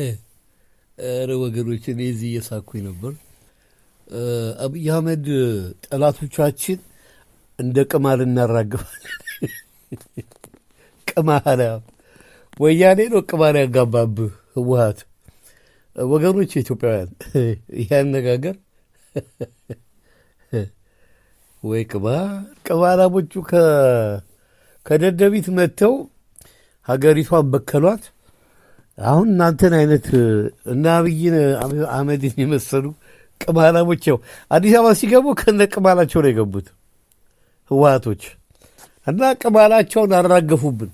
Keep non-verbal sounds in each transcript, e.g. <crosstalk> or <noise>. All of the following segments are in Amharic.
ኧረ ወገኖች እኔ እዚህ እየሳኩኝ ነበር። አብይ አህመድ ጠላቶቻችን እንደ ቅማል እናራግፋለን። <laughs> ቅማል ወያኔ ነው ቅማል ያጋባብህ ህወሀት። ወገኖች ኢትዮጵያውያን ይህ አነጋገር <laughs> ወይ ቅማ ቅማላሞቹ ከደደቢት መጥተው ሀገሪቷን በከሏት። አሁን እናንተን አይነት እና አብይን አህመድን የመሰሉ ቅማላሞች ያው አዲስ አበባ ሲገቡ ከነ ቅማላቸው ነው የገቡት ህወሀቶች እና ቅማላቸውን አራገፉብን።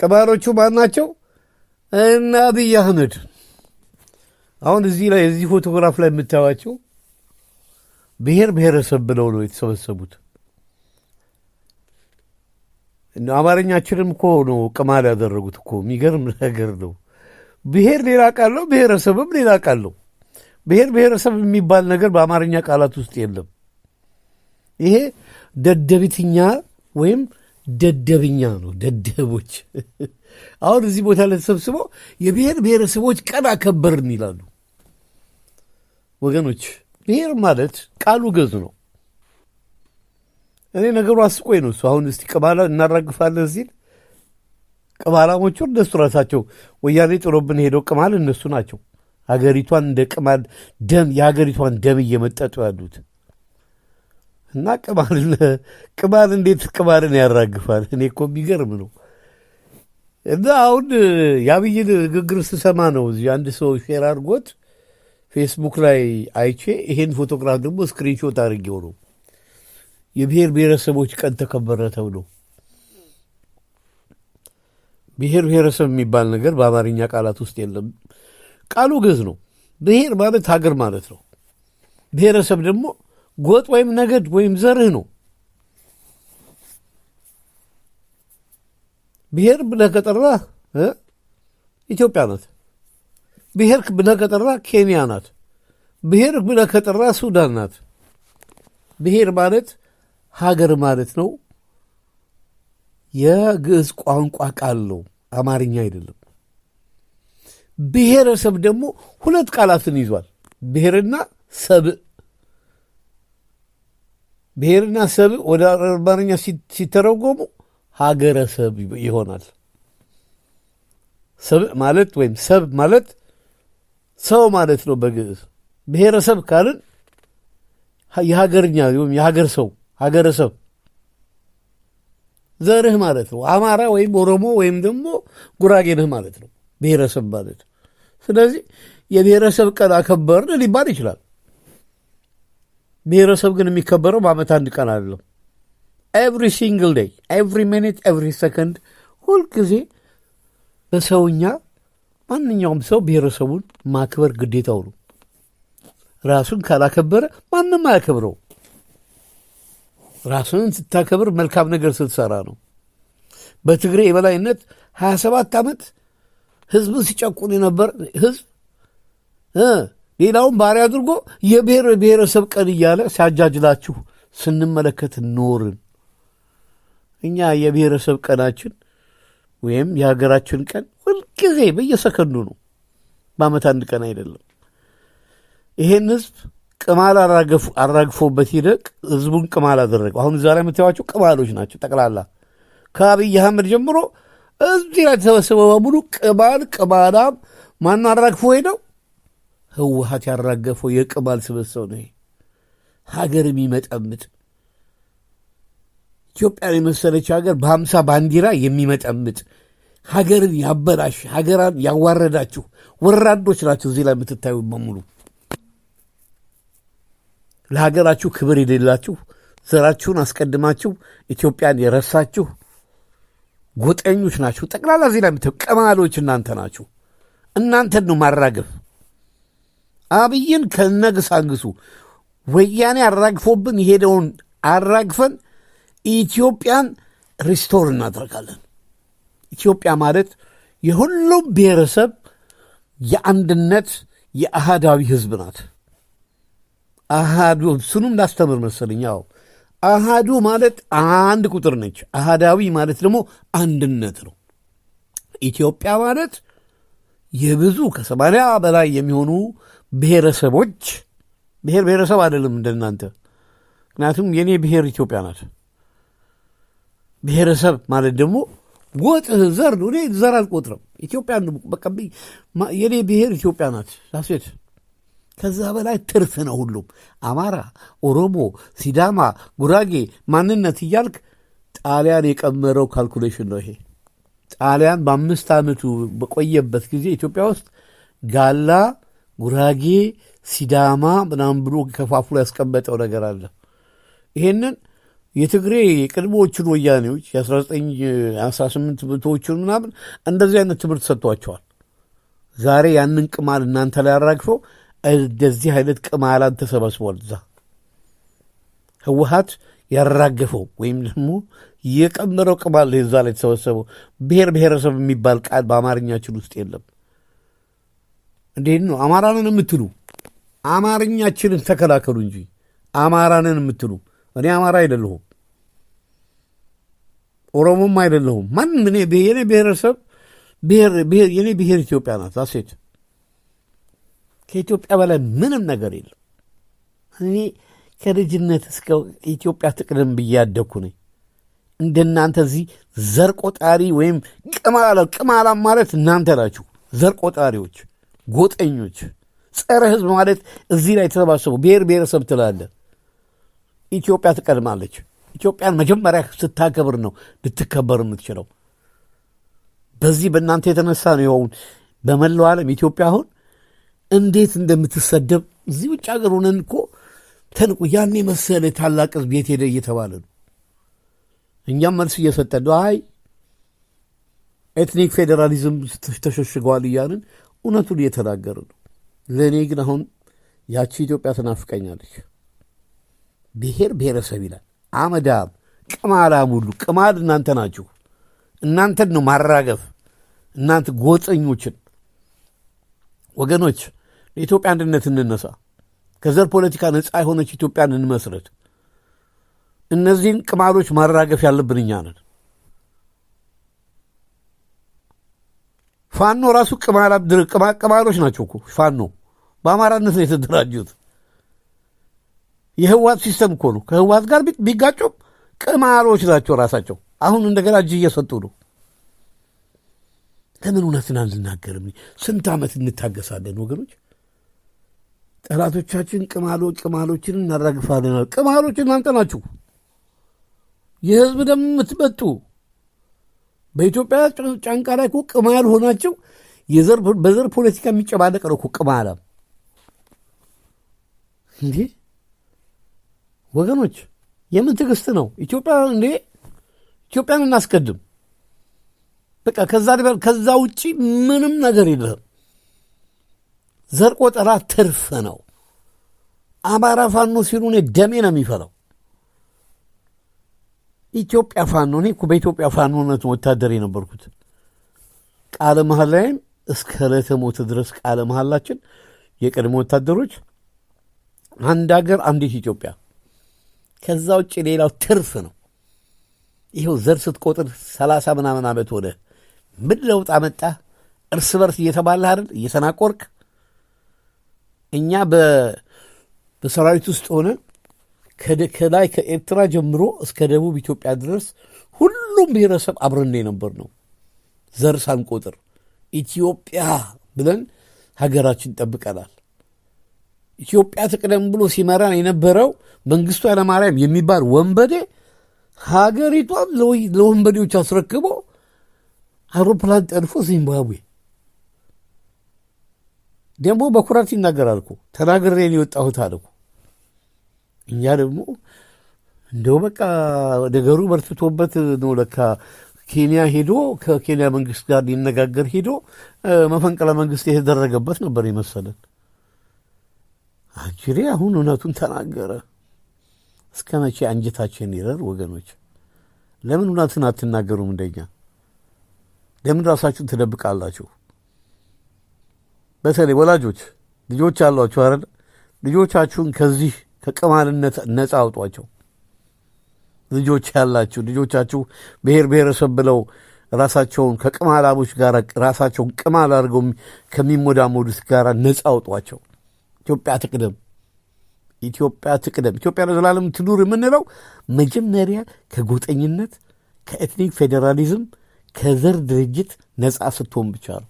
ቅማሎቹ ማን ናቸው? እና አብይ አህመድ አሁን እዚህ ላይ እዚህ ፎቶግራፍ ላይ የምታዩቸው ብሔር ብሔረሰብ ብለው ነው የተሰበሰቡት። አማርኛችንም እኮ ነው ቅማል ያደረጉት እኮ የሚገርም ነገር ነው። ብሔር ሌላ ቃል ነው፣ ብሔረሰብም ሌላ ቃል ነው። ብሔር ብሔረሰብ የሚባል ነገር በአማርኛ ቃላት ውስጥ የለም። ይሄ ደደቢትኛ ወይም ደደብኛ ነው። ደደቦች <laughs> አሁን እዚህ ቦታ ላይ ተሰብስበው የብሔር ብሔረሰቦች ቀን አከበርን ይላሉ። ወገኖች ብሔር ማለት ቃሉ ገዝ ነው። እኔ ነገሩ አስቆይ ነው እሱ አሁን እስቲ ቅማላ እናራግፋለን ሲል ቅማላሞቹ እነሱ ራሳቸው ወያኔ ጥሎብን ሄደው ቅማል እነሱ ናቸው። ሀገሪቷን እንደ ቅማል ደም የሀገሪቷን ደም እየመጠጡ ያሉት እና ቅማል እንዴት ቅማልን ያራግፋል? እኔ እኮ የሚገርም ነው። እና አሁን የአብይን ንግግር ስሰማ ነው እዚህ አንድ ሰው ሼር አድርጎት ፌስቡክ ላይ አይቼ ይሄን ፎቶግራፍ ደግሞ ስክሪንሾት አድርጌው ነው የብሔር ብሔረሰቦች ቀን ተከበረ ተብሎ ብሔር ብሔረሰብ የሚባል ነገር በአማርኛ ቃላት ውስጥ የለም። ቃሉ ግዕዝ ነው። ብሔር ማለት ሀገር ማለት ነው። ብሔረሰብ ደግሞ ጎጥ ወይም ነገድ ወይም ዘርህ ነው። ብሔር ብለህ ኢትዮጵያ ናት። ብሔር ብለህ ኬንያ ናት። ብሔር ብለህ ሱዳን ናት። ብሔር ማለት ሀገር ማለት ነው። የግዕዝ ቋንቋ ቃል ነው። አማርኛ አይደለም። ብሔረሰብ ደግሞ ሁለት ቃላትን ይዟል፣ ብሔርና ሰብ ብሔርና ሰብ ወደ አማርኛ ሲተረጎሙ ሀገረሰብ ይሆናል። ሰብ ማለት ወይም ሰብ ማለት ሰው ማለት ነው በግዕዝ። ብሔረሰብ ካልን የሀገርኛ ወይም የሀገር ሰው ሀገረሰብ ዘርህ ማለት ነው። አማራ ወይም ኦሮሞ ወይም ደግሞ ጉራጌ ነህ ማለት ነው፣ ብሔረሰብ ማለት ነው። ስለዚህ የብሔረሰብ ቀን አከበርን ሊባል ይችላል። ብሔረሰብ ግን የሚከበረው በዓመት አንድ ቀን አይደለም። ኤቭሪ ሲንግል ዴይ፣ ኤቭሪ ሚኒት፣ ኤቭሪ ሰከንድ፣ ሁልጊዜ በሰውኛ ማንኛውም ሰው ብሔረሰቡን ማክበር ግዴታው ነው። ራሱን ካላከበረ ማንም አያከብረው። ራስን ስታከብር መልካም ነገር ስትሰራ ነው። በትግሬ የበላይነት 27 ዓመት ህዝብን ሲጨቁን የነበር ህዝብ ሌላውን ባሪያ አድርጎ የብሔር ብሔረሰብ ቀን እያለ ሲያጃጅላችሁ ስንመለከት ኖርን። እኛ የብሔረሰብ ቀናችን ወይም የሀገራችን ቀን ሁልጊዜ በየሰከንዱ ነው፣ በዓመት አንድ ቀን አይደለም። ይሄን ህዝብ ቅማል አራግፎበት ሂደቅ ህዝቡን ቅማል አደረገው። አሁን እዛ ላይ የምታዩዋቸው ቅማሎች ናቸው ጠቅላላ ከአብይ አህመድ ጀምሮ እዚህ ላይ ተሰበሰበ በሙሉ ቅማል ቅማላም። ማን አራግፎ ሄደው? ህወሀት ያራገፈው የቅማል ስበሰው ነው። ሀገር የሚመጠምጥ ኢትዮጵያን የመሰለች ሀገር በሀምሳ ባንዲራ የሚመጠምጥ ሀገርን ያበላሽ ሀገራን ያዋረዳችሁ ወራዶች ናቸው እዚህ ላይ የምትታዩ በሙሉ። ለሀገራችሁ ክብር የሌላችሁ ዘራችሁን አስቀድማችሁ ኢትዮጵያን የረሳችሁ ጎጠኞች ናችሁ። ጠቅላላ ዜና ቀማሎች እናንተ ናችሁ። እናንተን ነው ማራገፍ። አብይን ከነግስ አንግሱ። ወያኔ አራግፎብን የሄደውን አራግፈን ኢትዮጵያን ሪስቶር እናደርጋለን። ኢትዮጵያ ማለት የሁሉም ብሔረሰብ የአንድነት የአህዳዊ ህዝብ ናት። አሃዱ ስኑም ላስተምር መሰለኝ። አዎ አሃዱ ማለት አንድ ቁጥር ነች። አሃዳዊ ማለት ደግሞ አንድነት ነው። ኢትዮጵያ ማለት የብዙ ከሰማንያ በላይ የሚሆኑ ብሔረሰቦች ብሔር ብሔረሰብ አይደለም እንደናንተ። ምክንያቱም የእኔ ብሔር ኢትዮጵያ ናት። ብሔረሰብ ማለት ደግሞ ወጥ ዘር ነው። እኔ ዘር አልቆጥረም። ኢትዮጵያ በቃ የእኔ ብሔር ኢትዮጵያ ናት። ሴት ከዛ በላይ ትርፍ ነው። ሁሉም አማራ፣ ኦሮሞ፣ ሲዳማ፣ ጉራጌ ማንነት እያልክ ጣሊያን የቀመረው ካልኩሌሽን ነው ይሄ። ጣሊያን በአምስት ዓመቱ በቆየበት ጊዜ ኢትዮጵያ ውስጥ ጋላ፣ ጉራጌ፣ ሲዳማ ምናምን ብሎ ከፋፍሎ ያስቀመጠው ነገር አለ። ይሄንን የትግሬ የቅድሞዎቹን ወያኔዎች የ1918 መቶዎቹን ምናምን እንደዚህ አይነት ትምህርት ሰጥቷቸዋል። ዛሬ ያንን ቅማል እናንተ ላይ አራግፈው እንደዚህ አይነት ቅማላን ተሰባስቧል እዛ ህወሀት ያራገፈው ወይም ደግሞ የቀመረው ቅማል እዛ ላይ የተሰበሰበው ብሔር ብሔረሰብ የሚባል ቃል በአማርኛችን ውስጥ የለም። እንዴት ነው አማራንን የምትሉ? አማርኛችንን ተከላከሉ እንጂ አማራንን የምትሉ እኔ አማራ አይደለሁም፣ ኦሮሞም አይደለሁም። ማንም የኔ ብሔረሰብ የኔ ብሔር ኢትዮጵያ ናት አሴት ከኢትዮጵያ በላይ ምንም ነገር የለም። እኔ ከልጅነት እስከ ኢትዮጵያ ትቅደም ብዬ ነኝ። እንደናንተ እዚህ ዘርቆጣሪ ወይም ቅማላ ቅማላ ማለት እናንተ ናችሁ። ዘርቆጣሪዎች፣ ጎጠኞች፣ ጸረ ህዝብ ማለት እዚህ ላይ ተሰባሰቡ ብሔር ብሔረሰብ ትላለ ኢትዮጵያ ትቀድማለች። ኢትዮጵያን መጀመሪያ ስታከብር ነው ልትከበር የምትችለው። በዚህ በእናንተ የተነሳ ነው ይኸውን በመላው ዓለም ኢትዮጵያ አሁን እንዴት እንደምትሰደብ እዚህ ውጭ ሀገር ሆነን እኮ ተንቁ ያን መሰለ ታላቅ ህዝብ የት ሄደ እየተባለ ነው። እኛም መልስ እየሰጠን አይ ኤትኒክ ፌዴራሊዝም ተሸሽገዋል እያልን እውነቱን እየተናገር ነው። ለእኔ ግን አሁን ያቺ ኢትዮጵያ ትናፍቀኛለች። ብሔር ብሔረሰብ ይላል አመዳም ቅማላም ሁሉ ቅማል እናንተ ናችሁ። እናንተን ነው ማራገፍ እናንተ ጎጠኞችን ወገኖች ለኢትዮጵያ አንድነት እንነሳ፣ ከዘር ፖለቲካ ነፃ የሆነች ኢትዮጵያን እንመስረት። እነዚህን ቅማሎች ማራገፍ ያለብን እኛ ነን። ፋኖ ራሱ ቅማሎች ናቸው እኮ ፋኖ በአማራነት ነው የተደራጁት። የህዋት ሲስተም እኮ ነው። ከህዋት ጋር ቢጋጩም ቅማሎች ናቸው ራሳቸው። አሁን እንደገና እጅ እየሰጡ ነው። ለምን እውነትን አንልናገርም? ስንት ዓመት እንታገሳለን ወገኖች? ጠላቶቻችን ቅማሎ ቅማሎችን እናራግፋለን። ቅማሎች እናንተ ናችሁ፣ የህዝብ ደም የምትመጡ በኢትዮጵያ ጫንቃ ላይ እኮ ቅማል ሆናችሁ በዘር ፖለቲካ የሚጨባለቅ ነው እኮ ቅማላ። ወገኖች የምን ትዕግስት ነው? ኢትዮጵያ እንዴ ኢትዮጵያን እናስቀድም። በቃ ከዛ ውጪ ምንም ነገር የለም። ዘር ቆጠራ ትርፍ ነው። አማራ ፋኖ ሲሉ እኔ ደሜ ነው የሚፈለው። ኢትዮጵያ ፋኖ እኔ እኮ በኢትዮጵያ ፋኖነት ወታደር የነበርኩት ቃለ ላይም እስከ ዕለተ ሞት ድረስ ቃለ መሀላችን የቀድሞ ወታደሮች አንድ ሀገር አንዲት ኢትዮጵያ። ከዛ ውጭ ሌላው ትርፍ ነው። ይኸው ዘር ስትቆጥር ሰላሳ ምናምን ዓመት ወደ ምን ለውጥ አመጣ? እርስ በርስ እየተባለ አይደል እየተናቆርክ እኛ በሰራዊት ውስጥ ሆነ ከላይ ከኤርትራ ጀምሮ እስከ ደቡብ ኢትዮጵያ ድረስ ሁሉም ብሔረሰብ አብረን የነበር ነው። ዘር ሳንቆጥር ኢትዮጵያ ብለን ሀገራችን ጠብቀናል። ኢትዮጵያ ትቅደም ብሎ ሲመራን የነበረው መንግስቱ ኃይለማርያም የሚባል ወንበዴ ሀገሪቷን ለወንበዴዎች አስረክቦ አውሮፕላን ጠልፎ ዚምባብዌ ደግሞ በኩራት ይናገራል እኮ ተናግሬን የወጣሁት አለ እኮ። እኛ ደግሞ እንደው በቃ ነገሩ በርትቶበት ነው ለካ ኬንያ ሄዶ ከኬንያ መንግስት ጋር ሊነጋገር ሄዶ መፈንቅለ መንግስት የተደረገበት ነበር የመሰለን። አጅሬ አሁን እውነቱን ተናገረ። እስከ መቼ አንጀታችን ይረር? ወገኖች ለምን እውነትን አትናገሩም? እንደኛ ለምን ራሳችሁን ትደብቃላችሁ? በተለይ ወላጆች ልጆች አሏችሁ አይደል? ልጆቻችሁን ከዚህ ከቅማልነት ነፃ አውጧቸው። ልጆች ያላችሁ ልጆቻችሁ ብሔር ብሔረሰብ ብለው ራሳቸውን ከቅማላቦች ጋር ራሳቸውን ቅማል አድርገው ከሚሞዳሞዱት ጋር ነፃ አውጧቸው። ኢትዮጵያ ትቅደም፣ ኢትዮጵያ ትቅደም፣ ኢትዮጵያ ለዘላለም ትኑር የምንለው መጀመሪያ ከጎጠኝነት፣ ከኤትኒክ ፌዴራሊዝም፣ ከዘር ድርጅት ነፃ ስትሆን ብቻ ነው።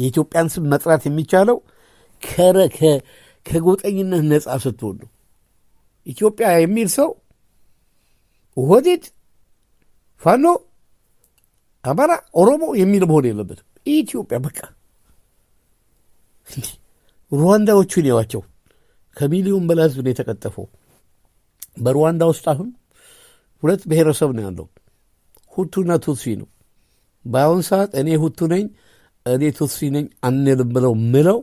የኢትዮጵያን ስም መጥራት የሚቻለው ከጎጠኝነት ነፃ ስትሆን ነው። ኢትዮጵያ የሚል ሰው ወዴድ፣ ፋኖ፣ አማራ፣ ኦሮሞ የሚል መሆን የለበትም። ኢትዮጵያ በቃ ሩዋንዳዎቹን የዋቸው ከሚሊዮን በላይ ህዝብ ነው የተቀጠፈው። በሩዋንዳ ውስጥ አሁን ሁለት ብሔረሰብ ነው ያለው፣ ሁቱና ቱትሲ ነው። በአሁን ሰዓት እኔ ሁቱ ነኝ እኔ ቱትሲ ነኝ አንልም ብለው ምለው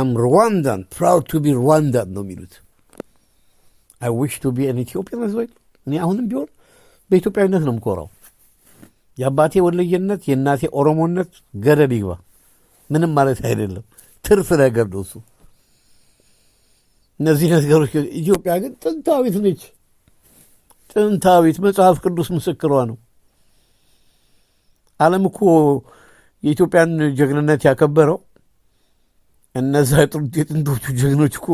አም ሩዋንዳን ፕራውድ ቱ ቢ ሩዋንዳን ነው የሚሉት። አይ ዊሽ ቱ ቢ አን ኢትዮጵያን እኔ አሁንም ቢሆን በኢትዮጵያዊነት ነው የምኮራው። የአባቴ ወለየነት የእናቴ ኦሮሞነት ገደል ይግባ ምንም ማለት አይደለም። ትርፍ ነገር ነው እሱ። እነዚህ ነገሮች ኢትዮጵያ ግን ጥንታዊት ነች። ጥንታዊት መጽሐፍ ቅዱስ ምስክሯ ነው። ዓለም እኮ የኢትዮጵያን ጀግንነት ያከበረው እነዛ የጥንቶቹ ጀግኖች እኮ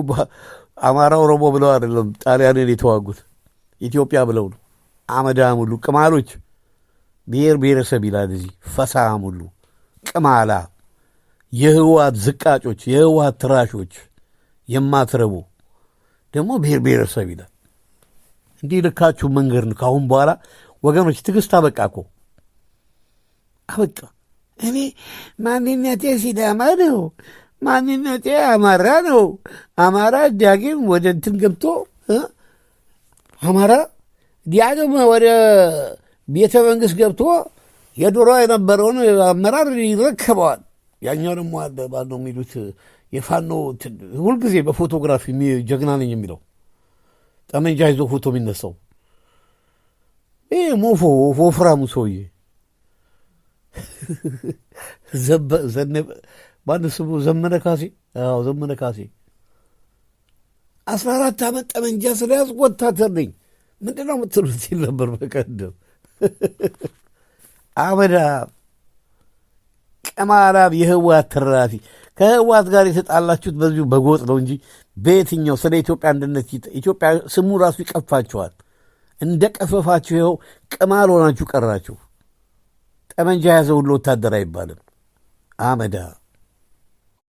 አማራ ኦሮሞ ብለው አይደለም ጣሊያንን የተዋጉት ኢትዮጵያ ብለው ነው። አመዳ ሙሉ ቅማሎች ብሔር ብሔረሰብ ይላል እዚህ ፈሳ ሙሉ ቅማላ የህወሓት ዝቃጮች፣ የህወሓት ትራሾች፣ የማትረቡ ደግሞ ብሔር ብሔረሰብ ይላል። እንዲህ ልካችሁ መንገድ ነው። ከአሁን በኋላ ወገኖች ትዕግስት አበቃ እኮ አበቃ። እኔ ማንነቴ ሲዳማ ነው፣ ማንነቴ አማራ ነው። አማራ ዲያግም ወደ እንትን ገብቶ አማራ ዲያግም ወደ ቤተ መንግስት ገብቶ የድሮ የነበረውን አመራር ይረከበዋል። ያኛው ደግሞ ነው የሚሉት የፋኖ ሁልጊዜ በፎቶግራፊ ጀግና ነኝ የሚለው ጠመንጃ ይዞ ፎቶ የሚነሳው ይህ ሞፎ ወፍራሙ ሰውዬ ማን ስሙ? ዘመነ ካሴ። አዎ ዘመነ ካሴ አስራ አራት ዓመት ጠመንጃ ስለያዝ ወታደር ነኝ ምንድን ነው የምትሉት ሲል ነበር። በቀደም አመዳ ቀማላም የህወሓት ተራፊ ከህወሓት ጋር የተጣላችሁት በዚሁ በጎጥ ነው እንጂ በየትኛው ስለ ኢትዮጵያ አንድነት ኢትዮጵያ ስሙ ራሱ ይቀፋችኋል። እንደ ቀፈፋችሁ ይኸው ቅማል ሆናችሁ ቀራችሁ። ጠመንጃ የያዘ ሁሉ ወታደር አይባልም። አመዳ